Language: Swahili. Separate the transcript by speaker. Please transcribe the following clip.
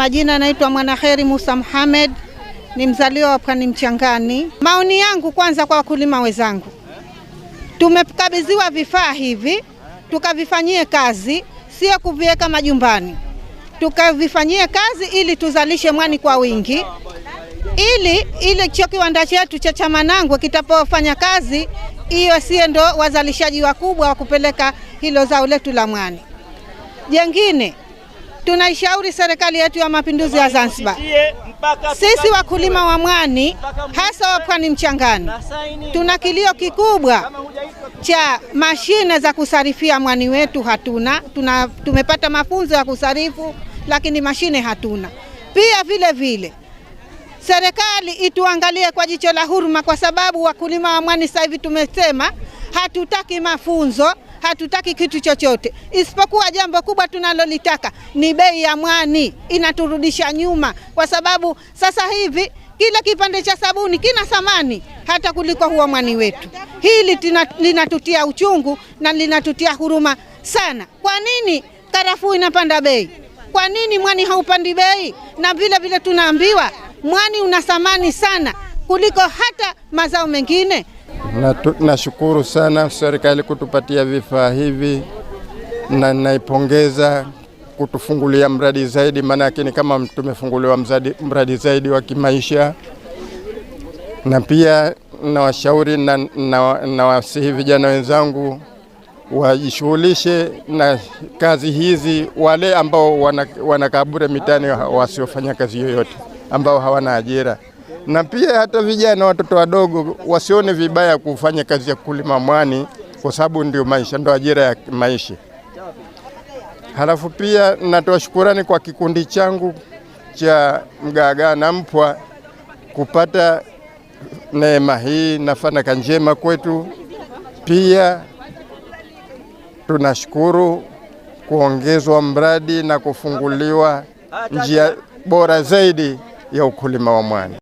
Speaker 1: majina anaitwa Mwanaheri Musa Muhamed, ni mzaliwa wa Pwani Mchangani. Maoni yangu kwanza kwa wakulima wenzangu, tumekabidhiwa vifaa hivi tukavifanyie kazi, sio kuviweka majumbani, tukavifanyie kazi ili tuzalishe mwani kwa wingi, ili ile cho kiwanda chetu cha Chamanangwe kitapofanya kazi hiyo, sie ndo wazalishaji wakubwa wa kupeleka hilo zao letu la mwani. Jengine Tunaishauri serikali yetu ya mapinduzi ya Zanzibar, sisi wakulima wa mwani, hasa wa pwani mchangani, tuna kilio kikubwa cha mashine za kusarifia mwani wetu hatuna. Tuna, tumepata mafunzo ya kusarifu lakini mashine hatuna. Pia vile vile serikali ituangalie kwa jicho la huruma, kwa sababu wakulima wa mwani sasa hivi tumesema hatutaki mafunzo hatutaki kitu chochote, isipokuwa jambo kubwa tunalolitaka ni bei ya mwani. Inaturudisha nyuma, kwa sababu sasa hivi kila kipande cha sabuni kina thamani hata kuliko huo mwani wetu. Hili tina, linatutia uchungu na linatutia huruma sana. Kwa nini karafuu inapanda bei? Kwa nini mwani haupandi bei? Na vile vile tunaambiwa mwani una thamani sana kuliko hata mazao mengine.
Speaker 2: Nashukuru na sana serikali kutupatia vifaa hivi na naipongeza kutufungulia mradi zaidi, maana yake ni kama tumefunguliwa mradi zaidi wa kimaisha, na pia nawashauri na, na, na wasihi vijana wenzangu wajishughulishe na kazi hizi. Wale ambao wanakaa bure mitaani wasiofanya kazi yoyote, ambao hawana ajira na pia hata vijana watoto wadogo wasione vibaya kufanya kazi ya kulima mwani, kwa sababu ndio maisha, ndio ajira ya maisha. Halafu pia natoa shukurani kwa kikundi changu cha Mgaagaa na Mpwa kupata neema hii na fanaka njema kwetu. Pia tunashukuru kuongezwa mradi na kufunguliwa njia bora zaidi ya ukulima wa mwani.